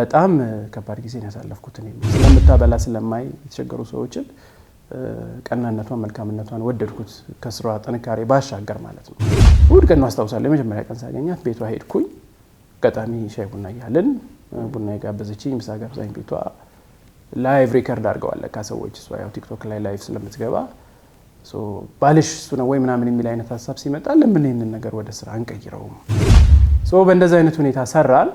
በጣም ከባድ ጊዜ ነው ያሳለፍኩት። ስለምታበላ ስለማይ የተቸገሩ ሰዎችን ቀናነቷን መልካምነቷን ወደድኩት፣ ከስሯ ጥንካሬ ባሻገር ማለት ነው። እሑድ ቀን ነው አስታውሳለሁ፣ የመጀመሪያ ቀን ሳገኛት ቤቷ ሄድኩኝ። አጋጣሚ ሻይ ቡና እያለን ቡና የጋበዘችኝ ምሳ ጋብዛኝ ቤቷ ላይቭ ሪከርድ አድርገዋለ ለካ እሷ ያው ቲክቶክ ላይ ላይቭ ስለምትገባ ባልሽ እሱ ነው ወይ ምናምን የሚል አይነት ሀሳብ ሲመጣ ለምን ይህንን ነገር ወደ ስራ አንቀይረውም? በእንደዚህ አይነት ሁኔታ ሰራል።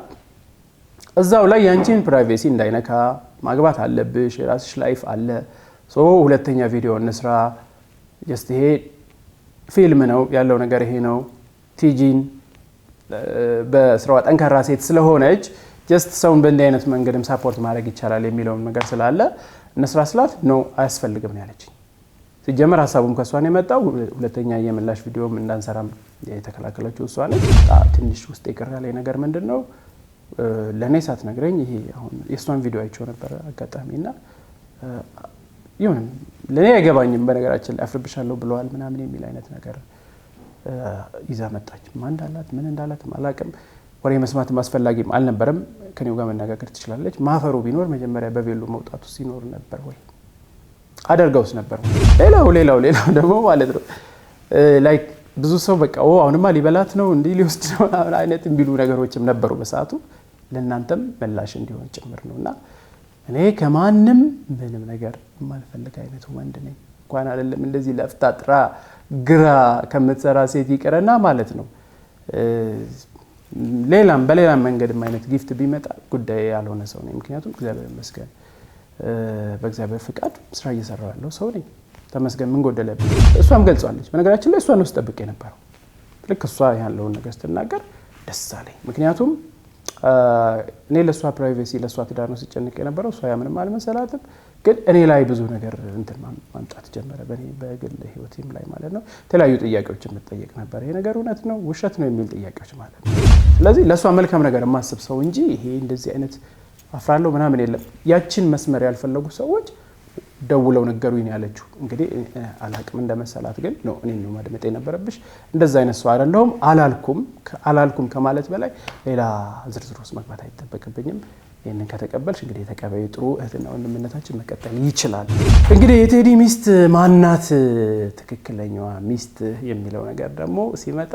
እዛው ላይ ያንቺን ፕራይቬሲ እንዳይነካ ማግባት አለብሽ። የራስሽ ላይፍ አለ። ሶ ሁለተኛ ቪዲዮ እንስራ። ጀስት ይሄ ፊልም ነው ያለው ነገር ይሄ ነው። ቲጂን በስራዋ ጠንካራ ሴት ስለሆነች ጀስት ሰውን በእንዲህ አይነት መንገድም ሳፖርት ማድረግ ይቻላል የሚለውን ነገር ስላለ እንስራ ስላት ኖ አያስፈልግም ነው ያለችኝ። ሲጀመር ሀሳቡም ከእሷን የመጣው ሁለተኛ የምላሽ ቪዲዮም እንዳንሰራም የተከላከለችው እሷ ነች። ትንሽ ውስጥ የቅር ያለኝ ነገር ምንድን ነው ለእኔ ሳትነግረኝ ይሄ አሁን የእሷን ቪዲዮ አይቼው ነበር አጋጣሚ እና ይሁን ለእኔ አይገባኝም። በነገራችን ላይ አፍርብሻለሁ ብለዋል ምናምን የሚል አይነት ነገር ይዛ መጣች። ማ እንዳላት ምን እንዳላት አላቅም። ወሬ መስማትም አስፈላጊም አልነበረም። ከኔው ጋር መነጋገር ትችላለች። ማፈሩ ቢኖር መጀመሪያ በቬሎ መውጣቱ ሲኖር ነበር ወይ አደርገውስ ነበር። ሌላው ሌላው ሌላው ደግሞ ማለት ነው ላይክ ብዙ ሰው በቃ አሁንማ ሊበላት ነው እንዲህ ሊወስድ ነው አይነት የሚሉ ነገሮችም ነበሩ በሰዓቱ። ለእናንተም ምላሽ እንዲሆን ጭምር ነው እና እኔ ከማንም ምንም ነገር የማልፈልግ አይነት ወንድ ነኝ። እንኳን አይደለም እንደዚህ ለፍታ ጥራ ግራ ከምትሰራ ሴት ይቅረና ማለት ነው ሌላም በሌላም መንገድም አይነት ጊፍት ቢመጣ ጉዳይ ያልሆነ ሰው ነኝ። ምክንያቱም እግዚአብሔር ይመስገን በእግዚአብሔር ፍቃድ ስራ እየሰራው ያለው ሰው ነኝ። ተመስገን ምን ጎደለብኝ? እሷም ገልጿለች። በነገራችን ላይ እሷን ውስጥ ጠብቅ የነበረው ልክ እሷ ያለውን ነገር ስትናገር ደስ አለኝ። ምክንያቱም እኔ ለእሷ ፕራይቬሲ ለእሷ ትዳር ነው ሲጨንቅ የነበረው። እሷ ያምንም አልመሰላትም፣ ግን እኔ ላይ ብዙ ነገር እንትን ማምጣት ጀመረ፣ በእኔ በግል ህይወቴም ላይ ማለት ነው። የተለያዩ ጥያቄዎች የምጠየቅ ነበር። ይሄ ነገር እውነት ነው ውሸት ነው የሚል ጥያቄዎች ማለት ነው። ስለዚህ ለእሷ መልካም ነገር የማስብ ሰው እንጂ ይሄ እንደዚህ አይነት አፍራለሁ ምናምን የለም። ያችን መስመር ያልፈለጉ ሰዎች ደውለው ነገሩኝ ያለችው እንግዲህ አላቅም እንደመሰላት ግን ነው እኔ ነው ማድመጥ የነበረብሽ እንደዛ አይነት ሰው አይደለሁም አላልኩም አላልኩም ከማለት በላይ ሌላ ዝርዝር ውስጥ መግባት አይጠበቅብኝም ይህንን ከተቀበልሽ እንግዲህ የተቀበዩ ጥሩ እህትና ወንድምነታችን መቀጠል ይችላል እንግዲህ የቴዲ ሚስት ማናት ትክክለኛዋ ሚስት የሚለው ነገር ደግሞ ሲመጣ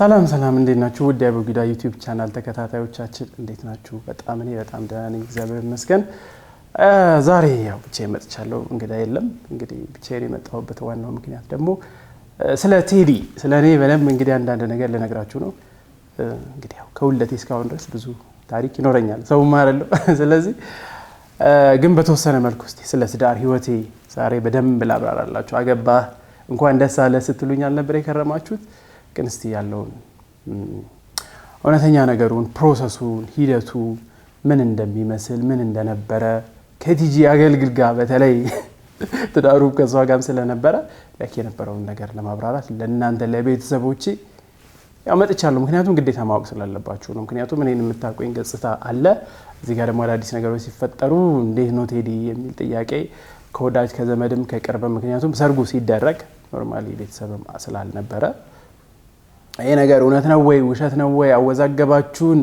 ሰላም ሰላም፣ እንዴት ናችሁ? ውድ አቡጊዳ ዩቲዩብ ቻናል ተከታታዮቻችን እንዴት ናችሁ? በጣም እኔ በጣም ደህና ነኝ፣ እግዚአብሔር ይመስገን። ዛሬ ያው ብቻዬን መጥቻለሁ፣ እንግዳ የለም። እንግዲህ ብቻዬን የመጣሁበት ዋናው ምክንያት ደግሞ ስለ ቴዲ ስለ እኔ በደንብ እንግዲህ አንዳንድ ነገር ልነግራችሁ ነው። እንግዲህ ያው ከውልደቴ እስካሁን ድረስ ብዙ ታሪክ ይኖረኛል፣ ሰውም አይደለሁ። ስለዚህ ግን በተወሰነ መልኩ እስኪ ስለ ትዳር ህይወቴ ዛሬ በደንብ ላብራራላችሁ። አገባህ እንኳን ደስ አለ ስትሉኝ አልነበር የከረማችሁት? ግን እስቲ ያለውን እውነተኛ ነገሩን ፕሮሰሱን ሂደቱ ምን እንደሚመስል ምን እንደነበረ ከቲጂ አገልግል ጋር በተለይ ትዳሩ ከዛ ጋም ስለነበረ ላይክ የነበረውን ነገር ለማብራራት ለእናንተ ለቤተሰቦቼ ያው መጥቻለሁ። ምክንያቱም ግዴታ ማወቅ ስላለባችሁ ነው። ምክንያቱም እኔን የምታቆኝ ገጽታ አለ። እዚህ ጋር ደግሞ አዳዲስ ነገሮች ሲፈጠሩ እንዴት ነው ቴዲ የሚል ጥያቄ ከወዳጅ ከዘመድም ከቅርብ ምክንያቱም ሰርጉ ሲደረግ ኖርማሊ ቤተሰብም ስላልነበረ ይሄ ነገር እውነት ነው ወይ ውሸት ነው ወይ አወዛገባችሁን?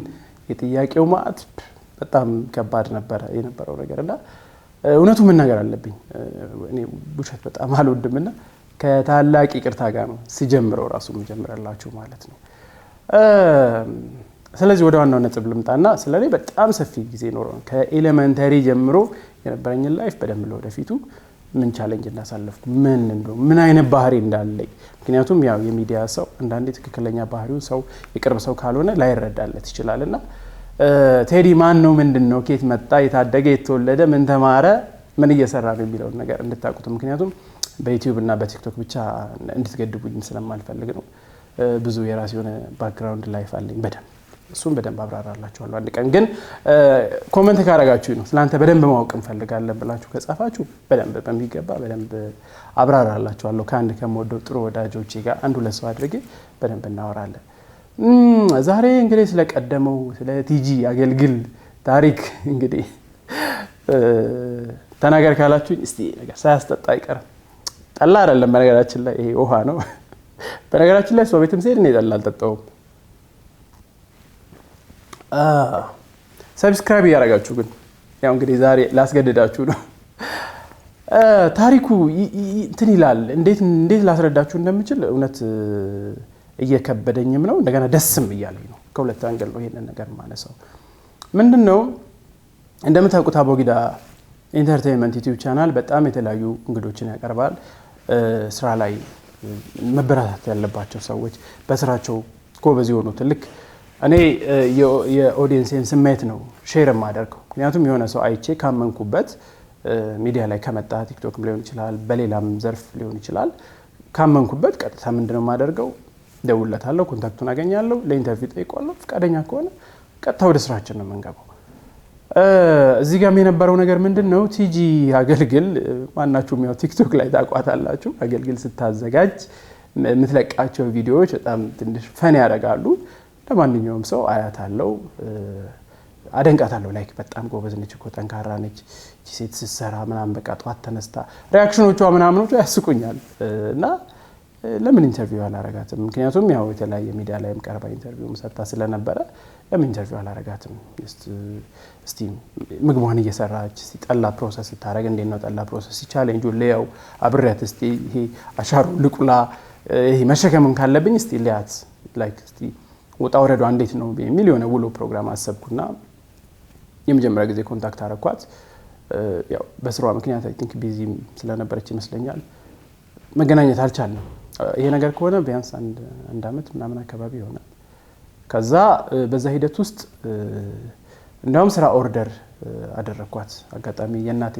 የጥያቄው ማት በጣም ከባድ ነበረ የነበረው ነገር እና እውነቱ መናገር አለብኝ እኔ ውሸት በጣም አልወድምና ከታላቅ ይቅርታ ጋር ነው ሲጀምረው ራሱ መጀመሪያላችሁ ማለት ነው። ስለዚህ ወደ ዋናው ነጥብ ልምጣና ስለ እኔ በጣም ሰፊ ጊዜ ኖረ ከኤሌመንተሪ ጀምሮ የነበረኝን ላይፍ በደንብ ለወደፊቱ ምን ቻለንጅ እንዳሳለፍኩ ምን እንደ ምን አይነት ባህሪ እንዳለኝ ምክንያቱም ያው የሚዲያ ሰው አንዳንዴ ትክክለኛ ባህሪው ሰው የቅርብ ሰው ካልሆነ ላይረዳለት ይችላል እና ቴዲ ማን ነው ምንድን ነው ኬት መጣ የታደገ የተወለደ ምን ተማረ ምን እየሰራ ነው የሚለውን ነገር እንድታቁት ምክንያቱም በዩቲዩብ እና በቲክቶክ ብቻ እንድትገድቡኝ ስለማልፈልግ ነው ብዙ የራሴ የሆነ ባክግራውንድ ላይፍ አለኝ በደንብ እሱም በደንብ አብራራላችኋለሁ አንድ ቀን። ግን ኮመንት ካረጋችሁ ነው ስለአንተ በደንብ ማወቅ እንፈልጋለን ብላችሁ ከጻፋችሁ በደንብ በሚገባ በደንብ አብራራላችኋለሁ። ከአንድ ከምወደው ጥሩ ወዳጆቼ ጋር አንድ ሁለት ሰው አድርጌ በደንብ እናወራለን። ዛሬ እንግዲህ ስለቀደመው ስለ ቲጂ አገልግል ታሪክ እንግዲህ ተናገር ካላችሁኝ እስቲ ነገር ሳያስጠጣ አይቀርም። ጠላ አይደለም በነገራችን ላይ ይሄ ውሃ ነው። በነገራችን ላይ ሰው ቤትም ስሄድ እኔ ጠላ አልጠጣውም። ሰብስክራይብ እያደረጋችሁ ግን ያው እንግዲህ ዛሬ ላስገድዳችሁ ነው። ታሪኩ እንትን ይላል። እንዴት ላስረዳችሁ እንደምችል እውነት እየከበደኝም ነው፣ እንደገና ደስም እያለኝ ነው። ከሁለት አንገል ነው ይሄንን ነገር ማነሳው። ምንድን ነው እንደምታውቁት አቦጊዳ ኢንተርቴንመንት ዩቲዩብ ቻናል በጣም የተለያዩ እንግዶችን ያቀርባል። ስራ ላይ መበረታት ያለባቸው ሰዎች በስራቸው ጎበዝ የሆኑትን ልክ እኔ የኦዲየንሴን ስሜት ነው ሼር የማደርገው። ምክንያቱም የሆነ ሰው አይቼ ካመንኩበት ሚዲያ ላይ ከመጣ ቲክቶክም ሊሆን ይችላል፣ በሌላም ዘርፍ ሊሆን ይችላል። ካመንኩበት ቀጥታ ምንድነው የማደርገው? ደውለታለሁ፣ ኮንታክቱን አገኛለሁ፣ ለኢንተርቪው ጠይቋለሁ። ፈቃደኛ ከሆነ ቀጥታ ወደ ስራችን ነው የምንገባው። እዚህ ጋም የነበረው ነገር ምንድን ነው? ቲጂ አገልግል ማናችሁም ያው ቲክቶክ ላይ ታቋታላችሁ። አገልግል ስታዘጋጅ የምትለቃቸው ቪዲዮዎች በጣም ትንሽ ፈን ያደርጋሉ። ለማንኛውም ሰው አያት አለው አደንቃታለሁ። ላይክ በጣም ጎበዝ ነች እኮ ጠንካራ ነች ሴት ስትሰራ ምናምን በቃ ጠዋት ተነስታ ሪያክሽኖቿ ምናምኖቿ ያስቁኛል እና ለምን ኢንተርቪው አላረጋትም? ምክንያቱም ያው የተለያየ ሚዲያ ላይም ቀርባ ኢንተርቪው ሰርታ ስለነበረ ለምን ኢንተርቪው አላረጋትም? እስቲ ምግቧን እየሰራች ጠላ ፕሮሰስ ስታደረግ እንዴት ነው ጠላ ፕሮሰስ ሲቻለኝ ሌያው አብሬያት እስቲ ይሄ አሻሩ ልቁላ ይሄ መሸከምን ካለብኝ እስቲ ሊያት ላይክ እስቲ ውጣ ወረዷ እንዴት ነው የሚል የሆነ ውሎ ፕሮግራም አሰብኩና የመጀመሪያ ጊዜ ኮንታክት አረኳት። በስራዋ ምክንያት አይ ቲንክ ቢዚ ስለነበረች ይመስለኛል መገናኘት አልቻለም። ይሄ ነገር ከሆነ ቢያንስ አንድ አመት ምናምን አካባቢ ይሆናል። ከዛ በዛ ሂደት ውስጥ እንዲያውም ስራ ኦርደር አደረግኳት። አጋጣሚ የእናቴ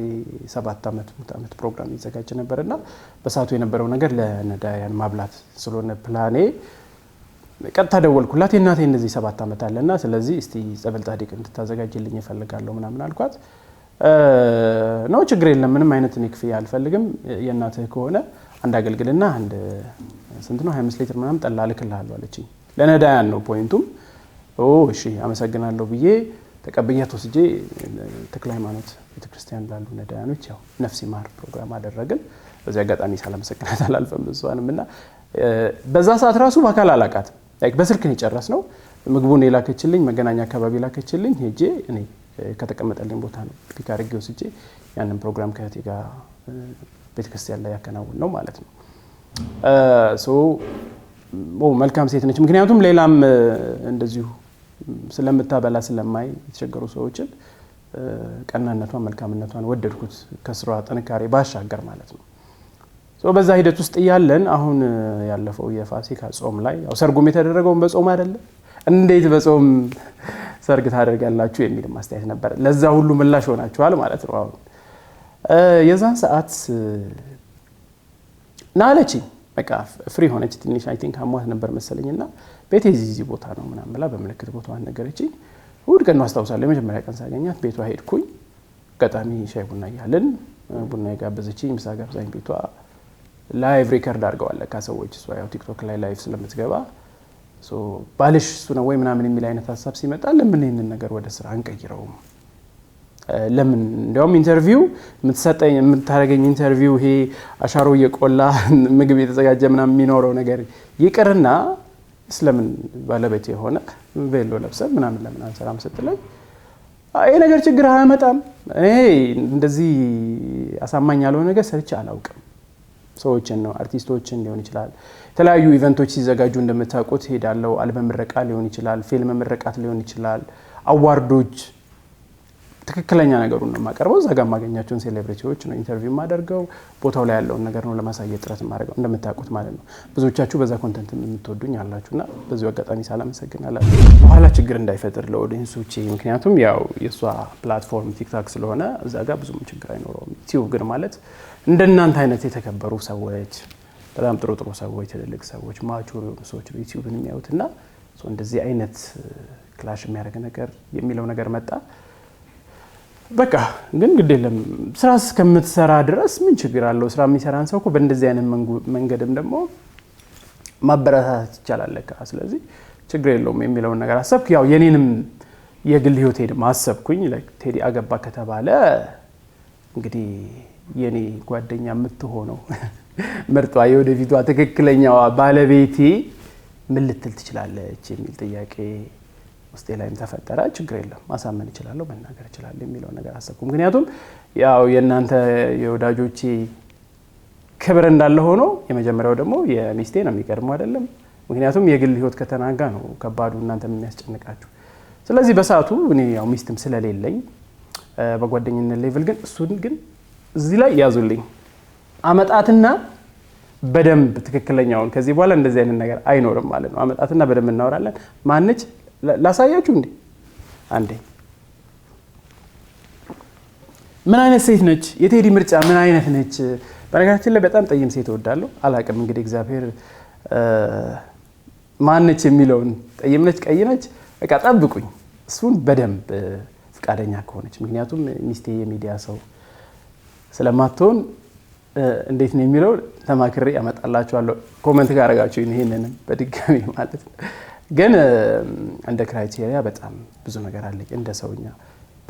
ሰባት ዓመት ዓመት ፕሮግራም ይዘጋጅ ነበር እና በሰዓቱ የነበረው ነገር ለነዳያን ማብላት ስለሆነ ፕላኔ ቀጥታ ደወልኩላት። የእናቴ እንደዚህ ሰባት ዓመት አለና ስለዚህ እስቲ ጸበል ጻድቅ እንድታዘጋጅልኝ እፈልጋለሁ ምናምን አልኳት። ነው ችግር የለም ምንም አይነት እኔ ክፍያ አልፈልግም። የእናትህ ከሆነ አንድ አገልግልና አንድ ስንት ነው 25 ሊትር ምናምን ጠላ ልክልሃለሁ አለችኝ። ለነዳያን ነው ፖይንቱም። እሺ አመሰግናለሁ ብዬ ተቀብያት ወስጄ ተክለ ሃይማኖት ቤተክርስቲያን ላሉ ነዳያኖች ያው ነፍሲ ማር ፕሮግራም አደረግን። በዚህ አጋጣሚ ሳላመሰግናት አላልፈም እሷንም እና በዛ ሰዓት ራሱ በአካል አላቃት በስልክ ነው ምግቡን የላከችልኝ መገናኛ አካባቢ ላከችልኝ። ሄጄ እኔ ከተቀመጠልኝ ቦታ ነው ፒክ አድርጌ ወስጄ ያንን ፕሮግራም ከእህቴ ጋር ቤተክርስቲያን ላይ ያከናውን ነው ማለት ነው። መልካም ሴት ነች። ምክንያቱም ሌላም እንደዚሁ ስለምታበላ ስለማይ የተቸገሩ ሰዎችን ቀናነቷን መልካምነቷን ወደድኩት፣ ከስሯ ጥንካሬ ባሻገር ማለት ነው። በዛ ሂደት ውስጥ እያለን አሁን ያለፈው የፋሲካ ጾም ላይ ያው ሰርጉም የተደረገውን በጾም አይደለም እንዴት በጾም ሰርግ ታደርጋላችሁ የሚል ማስተያየት ነበር። ለዛ ሁሉ ምላሽ ሆናችኋል ማለት ነው። አሁን የዛን ሰዓት ናለች በቃ ፍሪ ሆነች። ትንሽ አይ ቲንክ አሟት ነበር መሰለኝ እና ቤቴ እዚህ ቦታ ነው ምናምን ብላ በምልክት ቦታዋን ነገረችኝ። እሑድ ቀን ነው አስታውሳለሁ። የመጀመሪያ ቀን ሳገኛት ቤቷ ሄድኩኝ። አጋጣሚ ሻይ ቡና እያለን ቡና የጋበዘችኝ ምሳ ጋብዛኝ ቤቷ ላይቭ ሪከርድ አድርገዋለ ከሰዎች እሷ ያው ቲክቶክ ላይ ላይቭ ስለምትገባ ባልሽ እሱ ነው ወይ ምናምን የሚል አይነት ሀሳብ ሲመጣ ለምን ይህንን ነገር ወደ ስራ አንቀይረውም? ለምን እንዲያውም ኢንተርቪው የምትሰጠኝ የምታደረገኝ ኢንተርቪው ይሄ አሻሮ እየቆላ ምግብ የተዘጋጀ ምናምን የሚኖረው ነገር ይቅርና ስለምን ባለቤት የሆነ ቬሎ ለብሰን ምናምን ለምን አንሰራም ስትለኝ ይሄ ነገር ችግር አያመጣም። እኔ እንደዚህ አሳማኝ ያለሆነ ነገር ሰርቼ አላውቅም ሰዎችን ነው አርቲስቶችን ሊሆን ይችላል። የተለያዩ ኢቨንቶች ሲዘጋጁ እንደምታውቁት ሄዳለው። አልበም ምረቃ ሊሆን ይችላል፣ ፊልም ምረቃት ሊሆን ይችላል፣ አዋርዶች ትክክለኛ ነገሩን ነው የማቀርበው። እዛ ጋር የማገኛቸውን ሴሌብሪቲዎች ነው ኢንተርቪው የማደርገው። ቦታው ላይ ያለውን ነገር ነው ለማሳየት ጥረት የማደርገው እንደምታውቁት ማለት ነው። ብዙዎቻችሁ በዛ ኮንተንት የምትወዱኝ አላችሁና በዚሁ አጋጣሚ ሳላመሰግናላ በኋላ ችግር እንዳይፈጥር ለኦዲየንሶቼ፣ ምክንያቱም ያው የእሷ ፕላትፎርም ቲክታክ ስለሆነ እዛ ጋር ብዙም ችግር አይኖረውም። ቲዩብ ግን ማለት እንደናንተ አይነት የተከበሩ ሰዎች በጣም ጥሩ ጥሩ ሰዎች ትልልቅ ሰዎች ማቹር የሆኑ ሰዎች ዩቲዩብን የሚያዩት እና እንደዚህ አይነት ክላሽ የሚያደርግ ነገር የሚለው ነገር መጣ። በቃ ግን ግድ የለም ስራ እስከምትሰራ ድረስ ምን ችግር አለው? ስራ የሚሰራን ሰው በእንደዚህ አይነት መንገድም ደግሞ ማበረታት ይቻላል ስለዚህ ችግር የለውም የሚለውን ነገር አሰብኩ። ያው የኔንም የግል ህይወት ሄድ ማሰብኩኝ ቴዲ አገባ ከተባለ እንግዲህ የኔ ጓደኛ የምትሆነው ምርጧ የወደፊቷ ትክክለኛዋ ባለቤቴ ምን ልትል ትችላለች የሚል ጥያቄ ውስጤ ላይም ተፈጠረ። ችግር የለም ማሳመን እችላለሁ፣ መናገር እችላለሁ የሚለው ነገር አሰብኩ። ምክንያቱም ያው የእናንተ የወዳጆቼ ክብር እንዳለ ሆኖ የመጀመሪያው ደግሞ የሚስቴ ነው የሚቀድመው አይደለም። ምክንያቱም የግል ሕይወት ከተናጋ ነው ከባዱ እናንተ የሚያስጨንቃችሁ። ስለዚህ በሰዓቱ እኔ ያው ሚስትም ስለሌለኝ በጓደኝነት ሌቭል ግን እሱን ግን እዚህ ላይ ያዙልኝ። አመጣትና በደንብ ትክክለኛውን ከዚህ በኋላ እንደዚህ አይነት ነገር አይኖርም ማለት ነው። አመጣትና በደንብ እናወራለን። ማነች ላሳያችሁ እንዴ? አንዴ ምን አይነት ሴት ነች? የቴዲ ምርጫ ምን አይነት ነች? በነገራችን ላይ በጣም ጠይም ሴት እወዳለሁ። አላቅም እንግዲህ እግዚአብሔር ማነች የሚለውን ጠይም ነች፣ ቀይ ነች፣ በቃ ጠብቁኝ። እሱን በደንብ ፈቃደኛ ከሆነች ምክንያቱም ሚስቴ የሚዲያ ሰው ስለማትሆን እንዴት ነው የሚለው ተማክሬ ያመጣላችኋለሁ። ኮመንት ካረጋችሁ ይህንን በድጋሚ ማለት ነው። ግን እንደ ክራይቴሪያ በጣም ብዙ ነገር አለ። እንደ ሰውኛ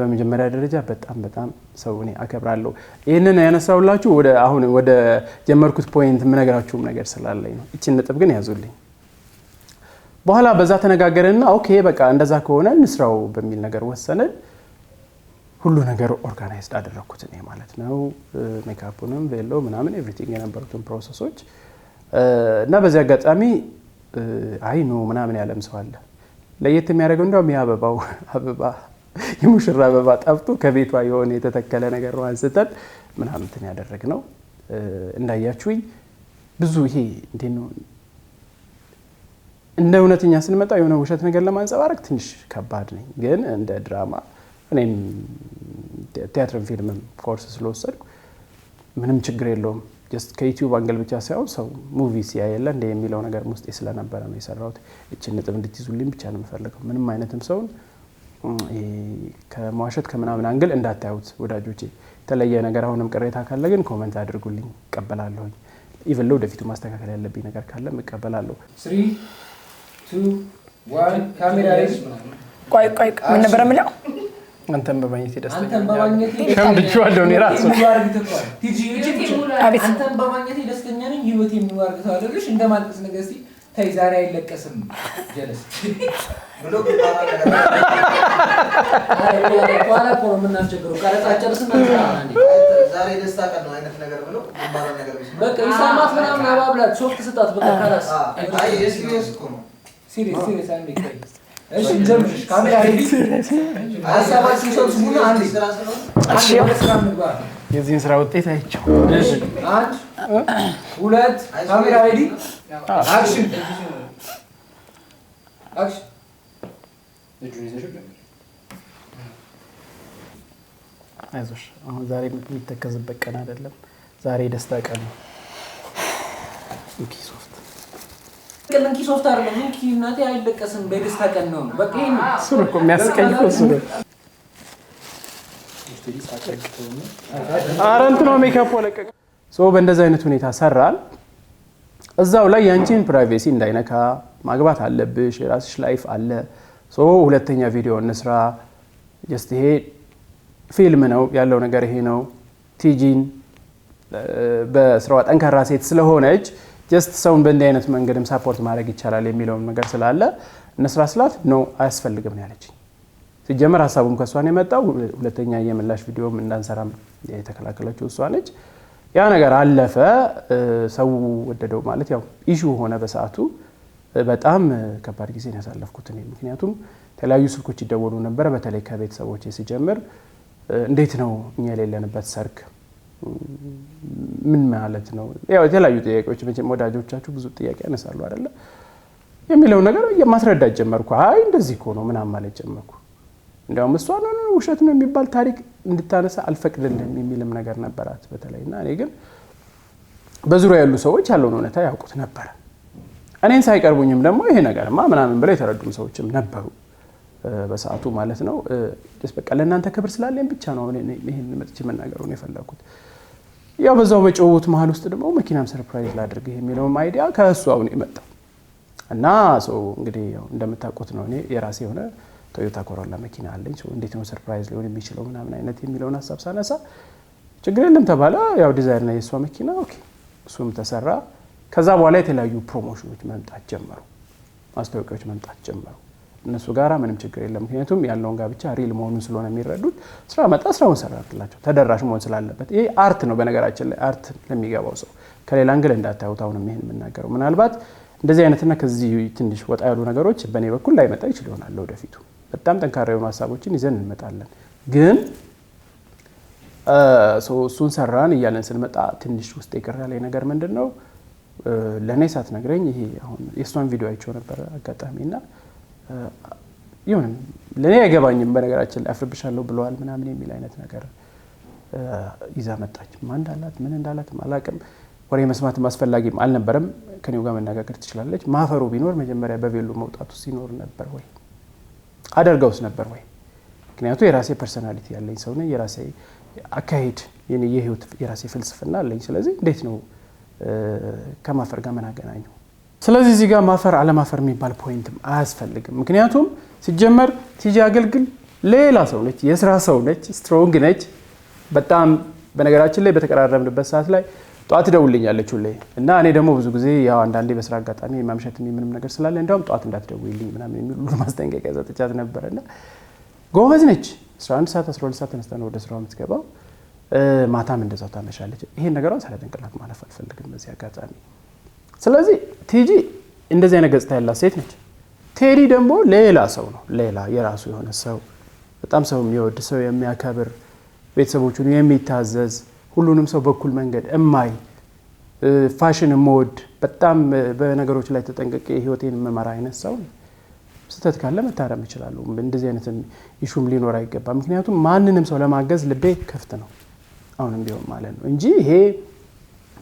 በመጀመሪያ ደረጃ በጣም በጣም ሰው እኔ አከብራለሁ። ይህንን ያነሳውላችሁ ወደ አሁን ወደ ጀመርኩት ፖይንት የምነግራችሁም ነገር ስላለኝ ነው። እችን ነጥብ ግን ያዙልኝ። በኋላ በዛ ተነጋገረና ኦኬ በቃ እንደዛ ከሆነ እንስራው በሚል ነገር ወሰንን። ሁሉ ነገር ኦርጋናይዝድ አደረግኩት እኔ ማለት ነው። ሜካፑንም ቬሎ ምናምን ኤቭሪቲንግ የነበሩትን ፕሮሰሶች እና በዚህ አጋጣሚ አይ ኖ ምናምን ያለም ሰው አለ። ለየት የሚያደርገው እንዲያውም የአበባው አበባ የሙሽራ አበባ ጠፍቶ ከቤቷ የሆነ የተተከለ ነገር ነው አንስተን ምናምንትን ያደረግ ነው። እንዳያችሁኝ ብዙ ይሄ እንዴት ነው እንደ እውነተኛ ስንመጣ የሆነ ውሸት ነገር ለማንጸባረቅ ትንሽ ከባድ ነኝ፣ ግን እንደ ድራማ እኔም ቲያትርን ፊልምም ኮርስ ስለወሰድኩ ምንም ችግር የለውም። ጀስት ከዩቲዩብ አንገል ብቻ ሳይሆን ሰው ሙቪ ሲያየለ እንደ የሚለው ነገር ውስጤ ስለነበረ ነው የሰራሁት። እችን ነጥብ እንድትይዙልኝ ብቻ ነው የምፈልገው። ምንም አይነትም ሰውን ከመዋሸት ከምናምን አንግል እንዳታዩት ወዳጆቼ። የተለየ ነገር አሁንም ቅሬታ ካለ ግን ኮመንት አድርጉልኝ፣ እቀበላለሁኝ። ኢቨን ለወደፊቱ ማስተካከል ያለብኝ ነገር ካለ እቀበላለሁ። ቆይ ቆይ ምን ነበረ ምለው አንተን በማግኘት ደስተኛ ከምድቼዋለሁ። እኔ አንተን በማግኘት ደስተኛ ነኝ። ህይወት የሚዋርግ ሰው አይደለሽ። እንደ ማልቀስ ነገር እስኪ ተይ፣ ዛሬ አይለቀስም ጀለስ ብሎ ኋላ እኮ ነው የምናስቸግረው። ነገር ብሎ በቃ ይሳማት ምናምን አባብላት ሶፍት ስጣት በቃ ካላስ ሲሪየስ ሲሪየስ አንዴ እሺ የዚህን ስራ ውጤት አይቼው አንድ ሁለት ካሜራ አክሽን አይዞሽ። አሁን ዛሬ የሚተከዝበት ቀን አይደለም። ዛሬ ቀን ነው። ቅልንኪ ሶፍት አርገ ልንኪ እናቴ አይለቀስም። በደስታ ቀን ነው በቃ እሱን እኮ የሚያስቀኝ እኮ እሱ ነው። ኧረ እንትን ነው ሜካፕ ወለቀቀ ሶ በእንደዚህ አይነት ሁኔታ ሰራል። እዛው ላይ ያንቺን ፕራይቬሲ እንዳይነካ ማግባት አለብሽ። የራስሽ ላይፍ አለ። ሶ ሁለተኛ ቪዲዮ እንስራ። ጀስት ይሄ ፊልም ነው ያለው ነገር ይሄ ነው። ቲጂን በስራዋ ጠንካራ ሴት ስለሆነች ጀስት ሰውን በእንዲህ አይነት መንገድም ሳፖርት ማድረግ ይቻላል የሚለውን ነገር ስላለ እነስራ ስላት ነው አያስፈልግም ነው ያለችኝ። ሲጀመር ሀሳቡም ከእሷን የመጣው። ሁለተኛ የምላሽ ቪዲዮም እንዳንሰራም የተከላከለችው እሷ ነች። ያ ነገር አለፈ። ሰው ወደደው ማለት ያው ኢሹ ሆነ በሰዓቱ። በጣም ከባድ ጊዜ ነው ያሳለፍኩት እኔ ምክንያቱም የተለያዩ ስልኮች ይደወሉ ነበረ። በተለይ ከቤተሰቦች ሲጀምር እንዴት ነው እኛ የሌለንበት ሰርግ ምን ማለት ነው? ያው የተለያዩ ጥያቄዎች መቼም ወዳጆቻችሁ ብዙ ጥያቄ ያነሳሉ አይደለ? የሚለው ነገር ማስረዳት ጀመርኩ። አይ እንደዚህ እኮ ነው ምናምን ማለት ጀመርኩ። እንዲያውም እሷ ውሸት ነው የሚባል ታሪክ እንድታነሳ አልፈቅድልም የሚልም ነገር ነበራት በተለይ እና እኔ ግን በዙሪያ ያሉ ሰዎች ያለውን እውነታ ያውቁት ነበረ። እኔን ሳይቀርቡኝም ደግሞ ይሄ ነገርማ ምናምን ብለው የተረዱም ሰዎችም ነበሩ በሰዓቱ ማለት ነው። በቃ ለእናንተ ክብር ስላለኝ ብቻ ነው ይህን መጥቼ መናገሩን የፈለግኩት። ያው በዛው በጭውውት መሀል ውስጥ ደግሞ መኪናም ሰርፕራይዝ ላድርግ የሚለውም አይዲያ ከእሱ አሁን የመጣው እና ሰው እንግዲህ እንደምታውቁት ነው እኔ የራሴ የሆነ ቶዮታ ኮሮላ መኪና አለኝ። እንዴት ነው ሰርፕራይዝ ሊሆን የሚችለው ምናምን አይነት የሚለውን ሀሳብ ሳነሳ ችግር የለም ተባለ። ያው ዲዛይንና የእሷ መኪና ኦኬ፣ እሱም ተሰራ። ከዛ በኋላ የተለያዩ ፕሮሞሽኖች መምጣት ጀመሩ፣ ማስታወቂያዎች መምጣት ጀመሩ። እነሱ ጋር ምንም ችግር የለም። ምክንያቱም ያለውን ጋብቻ ሪል መሆኑን ስለሆነ የሚረዱት ስራ መጣ ስራውን ሰራላቸው ተደራሽ መሆን ስላለበት። ይሄ አርት ነው። በነገራችን ላይ አርት ለሚገባው ሰው ከሌላ እንግል እንዳታዩት። አሁን ይህን የምናገረው ምናልባት እንደዚህ አይነትና ከዚህ ትንሽ ወጣ ያሉ ነገሮች በእኔ በኩል ላይመጣ ይችል ይሆናል ለወደፊቱ። በጣም ጠንካራ የሆኑ ሀሳቦችን ይዘን እንመጣለን። ግን እሱን ሰራን እያለን ስንመጣ ትንሽ ውስጥ የቅር ያለኝ ነገር ምንድን ነው ለእኔ ሳትነግረኝ ይሄ አሁን የእሷን ቪዲዮ አይቼው ነበር አጋጣሚ እና ይሁን ለእኔ አይገባኝም። በነገራችን ላይ አፍርብሻለሁ ብለዋል ምናምን የሚል አይነት ነገር ይዛ መጣች። ማ እንዳላት ምን እንዳላት አላቅም። ወሬ መስማትም አስፈላጊም አልነበረም። ከኔው ጋር መነጋገር ትችላለች። ማፈሩ ቢኖር መጀመሪያ በቬሎ መውጣቱ ሲኖር ነበር ወይ አደርገውስ ነበር ወይ? ምክንያቱ የራሴ ፐርሶናሊቲ ያለኝ ሰው ነኝ። የራሴ አካሄድ፣ የህይወት የራሴ ፍልስፍና አለኝ። ስለዚህ እንዴት ነው ከማፈር ጋር ምን አገናኘው? ስለዚህ እዚህ ጋር ማፈር አለማፈር የሚባል ፖይንትም አያስፈልግም። ምክንያቱም ሲጀመር ቲጂ አገልግል ሌላ ሰው ነች፣ የስራ ሰው ነች፣ ስትሮንግ ነች። በጣም በነገራችን ላይ በተቀራረብንበት ሰዓት ላይ ጠዋት ደውልኛለች ሁሌ እና እኔ ደግሞ ብዙ ጊዜ ያው አንዳንዴ በስራ አጋጣሚ የማምሸት ምንም ነገር ስላለ እንዲያውም ጠዋት እንዳትደውልኝ ምናምን የሚሉ ማስጠንቀቂያ ሰጥቻት ነበረ እና ጎበዝ ነች። 11 ሰዓት 12 ሰዓት ተነስታ ወደ ስራው የምትገባው። ማታም እንደዛው ታመሻለች። ይሄን ነገሯን ሳላደንቅላት ማለፍ አልፈልግም በዚህ አጋጣሚ ስለዚህ ቲጂ እንደዚህ አይነት ገጽታ ያላት ሴት ነች። ቴዲ ደግሞ ሌላ ሰው ነው። ሌላ የራሱ የሆነ ሰው በጣም ሰው የሚወድ ሰው የሚያከብር ቤተሰቦቹን የሚታዘዝ ሁሉንም ሰው በኩል መንገድ እማይ ፋሽን የምወድ በጣም በነገሮች ላይ ተጠንቅቄ ህይወቴን የምመራ አይነት ሰው ስህተት ካለ መታረም ይችላሉ። እንደዚህ አይነት ኢሹም ሊኖር አይገባም። ምክንያቱም ማንንም ሰው ለማገዝ ልቤ ክፍት ነው አሁንም ቢሆን ማለት ነው እንጂ ይሄ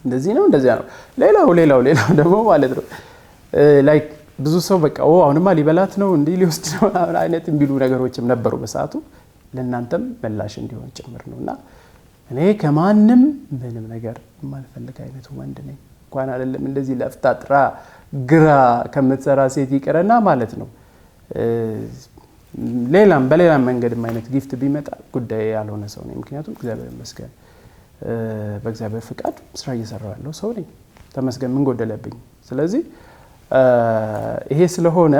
እንደዚህ ነው እንደዚያ ነው። ሌላው ሌላው ሌላው ደግሞ ማለት ነው ላይክ ብዙ ሰው በቃ አሁንማ ሊበላት ነው እንዲህ ሊወስድ ነው አይነት የሚሉ ነገሮችም ነበሩ በሰዓቱ ለእናንተም ምላሽ እንዲሆን ጭምር ነው እና እኔ ከማንም ምንም ነገር የማልፈልግ አይነቱ ወንድ ነኝ። እንኳን አይደለም እንደዚህ ለፍታ ጥራ ግራ ከምትሰራ ሴት ይቅርና ማለት ነው ሌላም በሌላም መንገድም አይነት ጊፍት ቢመጣ ጉዳይ ያልሆነ ሰው ነኝ። ምክንያቱም እግዚአብሔር ይመስገን በእግዚአብሔር ፍቃድ ስራ እየሰራው ያለው ሰው ነኝ። ተመስገን፣ ምን ጎደለብኝ? ስለዚህ ይሄ ስለሆነ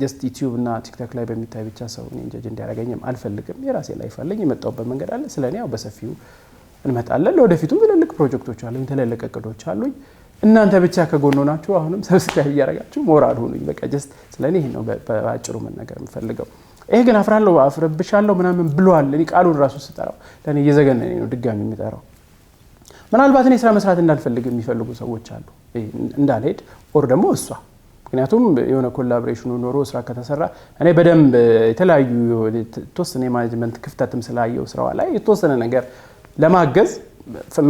ጀስት ዩቲዩብ እና ቲክቶክ ላይ በሚታይ ብቻ ሰው እንጀጅ እንዲያደርገኝም አልፈልግም። የራሴ ላይ አለኝ፣ የመጣውበት መንገድ አለ። ስለ ያው በሰፊው እንመጣለን። ለወደፊቱም ትልልቅ ፕሮጀክቶች አሉኝ፣ ትልልቅ እቅዶች አሉኝ። እናንተ ብቻ ከጎኖ ናችሁ። አሁንም ሰብስክራይብ እያደረጋችሁ ሞራል ሆኑኝ በቃ ጀስት ስለ እኔ ነው በአጭሩ መናገር የምፈልገው። ይሄ ግን አፍራለሁ አፍረብሻለሁ ምናምን ብሏል። እኔ ቃሉን ራሱ ስጠራው ለእኔ እየዘገነነኝ ነው ድጋሚ የሚጠራው። ምናልባት እኔ ስራ መስራት እንዳልፈልግ የሚፈልጉ ሰዎች አሉ እንዳልሄድ ኦር ደግሞ እሷ ምክንያቱም የሆነ ኮላቦሬሽኑ ኖሮ ስራ ከተሰራ እኔ በደንብ የተለያዩ የተወሰነ የማኔጅመንት ክፍተትም ስላየው ስራዋ ላይ የተወሰነ ነገር ለማገዝ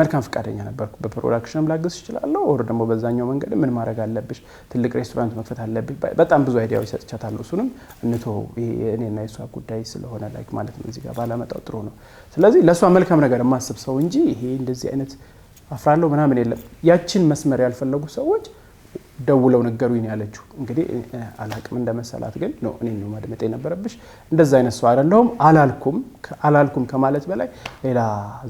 መልካም ፈቃደኛ ነበርኩ። በፕሮዳክሽንም ላግዝ ይችላለሁ ወር ደግሞ በዛኛው መንገድ ምን ማድረግ አለብሽ፣ ትልቅ ሬስቶራንት መክፈት አለብሽ፣ በጣም ብዙ አይዲያ ሰጥቻታለሁ። እሱንም እንቶ እኔና የእሷ ጉዳይ ስለሆነ ላይክ ማለት ነው ጋር ባላመጣው ጥሩ ነው። ስለዚህ ለእሷ መልካም ነገር የማስብ ሰው እንጂ ይሄ እንደዚህ አይነት አፍራለሁ ምናምን የለም። ያችን መስመር ያልፈለጉ ሰዎች ደውለው ነገሩኝ ያለችው እንግዲህ አላቅም እንደመሰላት ግን ነው እኔ ነው ማድመጥ የነበረብሽ እንደዛ አይነት ሰው አይደለሁም አላልኩም አላልኩም ከማለት በላይ ሌላ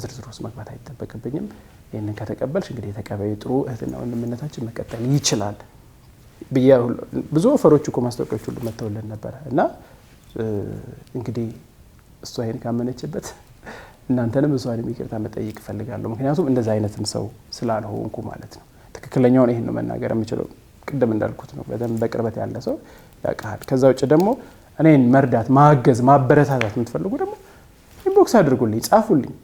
ዝርዝር ውስጥ መግባት አይጠበቅብኝም ይህንን ከተቀበልሽ እንግዲህ የተቀበዩ ጥሩ እህትና ወንድምነታችን መቀጠል ይችላል ብዙ ወፈሮች እኮ ማስታወቂያዎች ሁሉ መተውልን ነበረ እና እንግዲህ እሷ ይህን ካመነችበት እናንተንም እሷንም ይቅርታ መጠየቅ እፈልጋለሁ ምክንያቱም እንደዛ አይነትም ሰው ስላልሆንኩ ማለት ነው ትክክለኛውን ይህን ነው መናገር የምችለው። ቅድም እንዳልኩት ነው፣ በደንብ በቅርበት ያለ ሰው ያውቃል። ከዛ ውጭ ደግሞ እኔን መርዳት፣ ማገዝ፣ ማበረታታት የምትፈልጉ ደግሞ ኢንቦክስ አድርጉልኝ፣ ጻፉልኝ።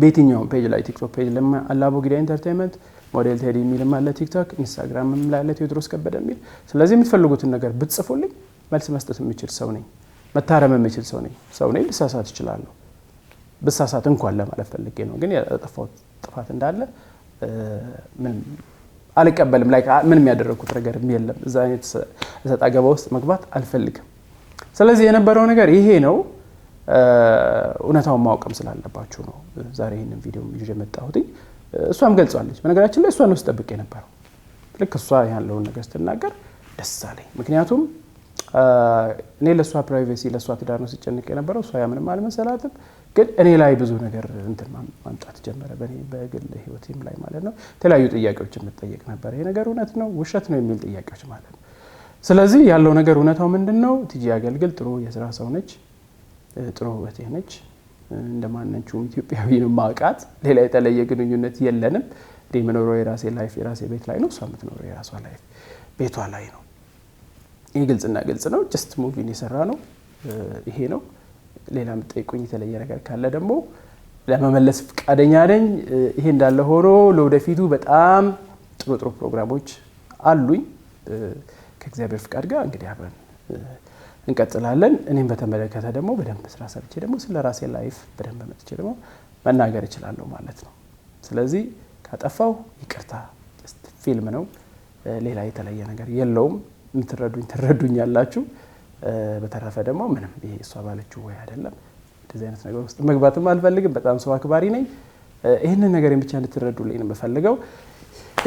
በየትኛውም ፔጅ ላይ ቲክቶክ ፔጅ አላቦ ጊዳ ኢንተርቴንመንት ሞዴል ቴዲ የሚልም አለ ቲክቶክ፣ ኢንስታግራምም ላይ አለ ቴዎድሮስ ከበደ የሚል። ስለዚህ የምትፈልጉትን ነገር ብትጽፉልኝ መልስ መስጠት የምችል ሰው ነኝ፣ መታረም የምችል ሰው ነኝ። ሰው ነኝ፣ ልሳሳት እችላለሁ። ብሳሳት እንኳን ለማለት ፈልጌ ነው። ግን ያጠፋሁት ጥፋት እንዳለ ምን አልቀበልም። ላይ ምንም ያደረግኩት ነገር የለም። እዛ አይነት እሰጥ አገባ ውስጥ መግባት አልፈልግም። ስለዚህ የነበረው ነገር ይሄ ነው። እውነታውን ማወቅም ስላለባችሁ ነው ዛሬ ይህንን ቪዲዮ ይዤ መጣሁትኝ። እሷም ገልጿለች። በነገራችን ላይ እሷን ውስጥ ጠብቅ የነበረው ልክ እሷ ያለውን ነገር ስትናገር ደስ አለኝ። ምክንያቱም እኔ ለእሷ ፕራይቬሲ ለእሷ ትዳር ነው ሲጨንቅ የነበረው። እሷ ያምንም አልመሰላትም። ግን እኔ ላይ ብዙ ነገር እንትን ማምጣት ጀመረ፣ በእኔ በግል ህይወቴም ላይ ማለት ነው። የተለያዩ ጥያቄዎች የምጠየቅ ነበር። ይሄ ነገር እውነት ነው ውሸት ነው የሚል ጥያቄዎች ማለት ነው። ስለዚህ ያለው ነገር እውነታው ምንድን ነው? ቲጂ አገልግል ጥሩ የስራ ሰው ነች፣ ጥሩ ውበቴ ነች። እንደማናችሁም ኢትዮጵያዊ ነው ማውቃት። ሌላ የተለየ ግንኙነት የለንም። እኔ የምኖረው የራሴ ላይፍ የራሴ ቤት ላይ ነው። እሷ የምትኖረው የራሷ ላይፍ ቤቷ ላይ ነው። ይህ ግልጽና ግልጽ ነው። ጀስት ሙቪን የሰራ ነው ይሄ ነው። ሌላ የምትጠይቁኝ የተለየ ነገር ካለ ደግሞ ለመመለስ ፍቃደኛ ነኝ። ይሄ እንዳለ ሆኖ ለወደፊቱ በጣም ጥሩ ጥሩ ፕሮግራሞች አሉኝ። ከእግዚአብሔር ፍቃድ ጋር እንግዲህ አብረን እንቀጥላለን። እኔም በተመለከተ ደግሞ በደንብ ስራ ሰርቼ ደግሞ ስለ ራሴ ላይፍ በደንብ መጥቼ ደግሞ መናገር እችላለሁ ማለት ነው። ስለዚህ ካጠፋው ይቅርታ፣ ፊልም ነው፣ ሌላ የተለየ ነገር የለውም። የምትረዱኝ ትረዱኛላችሁ። በተረፈ ደግሞ ምንም ይሄ እሷ ባለችው ወይ አይደለም እንደዚህ አይነት ነገር ውስጥ መግባትም አልፈልግም። በጣም ሰው አክባሪ ነኝ። ይህንን ነገርን ብቻ እንድትረዱልኝ ነው የምፈልገው።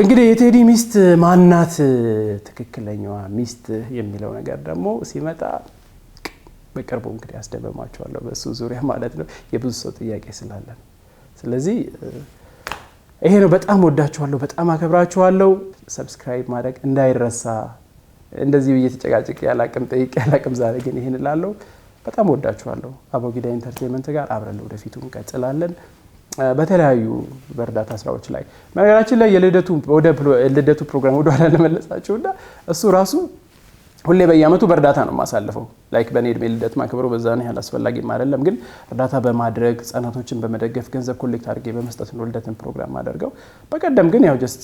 እንግዲህ የቴዲ ሚስት ማናት፣ ትክክለኛዋ ሚስት የሚለው ነገር ደግሞ ሲመጣ በቅርቡ እንግዲህ አስደምማቸዋለሁ፣ በእሱ ዙሪያ ማለት ነው። የብዙ ሰው ጥያቄ ስላለ ስለዚህ ይሄ ነው። በጣም ወዳችኋለሁ፣ በጣም አከብራችኋለሁ። ሰብስክራይብ ማድረግ እንዳይረሳ። እንደዚህ ብዬ ተጨቃጭቅ ያላቅም ጠይቅ ያላቅም። ዛሬ ግን ይህን ላለው በጣም ወዳችኋለሁ። አቦጊዳ ኢንተርቴንመንት ጋር አብረን ወደፊቱ እንቀጥላለን በተለያዩ በእርዳታ ስራዎች ላይ በነገራችን ላይ የልደቱ ወደ ልደቱ ፕሮግራም ወደኋላ እና እሱ ራሱ ሁሌ በየአመቱ በእርዳታ ነው የማሳልፈው። ላይክ በእኔ እድሜ ልደት ማክበሩ በዛ ነው ያህል አስፈላጊም አይደለም፣ ግን እርዳታ በማድረግ ህጻናቶችን በመደገፍ ገንዘብ ኮሌክት አድርጌ በመስጠት ነው ልደትን ፕሮግራም አደርገው። በቀደም ግን ያው ጀስት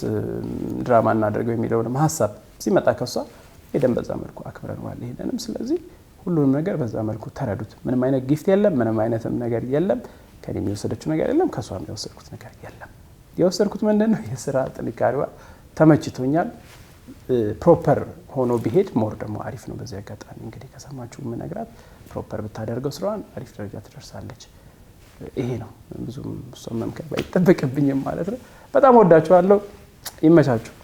ድራማ እናደርገው የሚለውን ሀሳብ ሲመጣ ከሷ ሄደን በዛ መልኩ አክብረነዋል። ይሄንንም ስለዚህ ሁሉንም ነገር በዛ መልኩ ተረዱት። ምንም አይነት ጊፍት የለም፣ ምንም አይነትም ነገር የለም። ከኔ የወሰደችው ነገር የለም፣ ከእሷም የወሰድኩት ነገር የለም። የወሰድኩት ምንድን ነው? የስራ ጥንካሬዋ ተመችቶኛል። ፕሮፐር ሆኖ ቢሄድ ሞር ደግሞ አሪፍ ነው። በዚህ አጋጣሚ እንግዲህ ከሰማችሁ የምነግራት ፕሮፐር ብታደርገው ስራዋን አሪፍ ደረጃ ትደርሳለች። ይሄ ነው ብዙም እሷ መምከር ባይጠበቅብኝም ማለት ነው። በጣም ወዳችኋለሁ። ይመቻችሁ።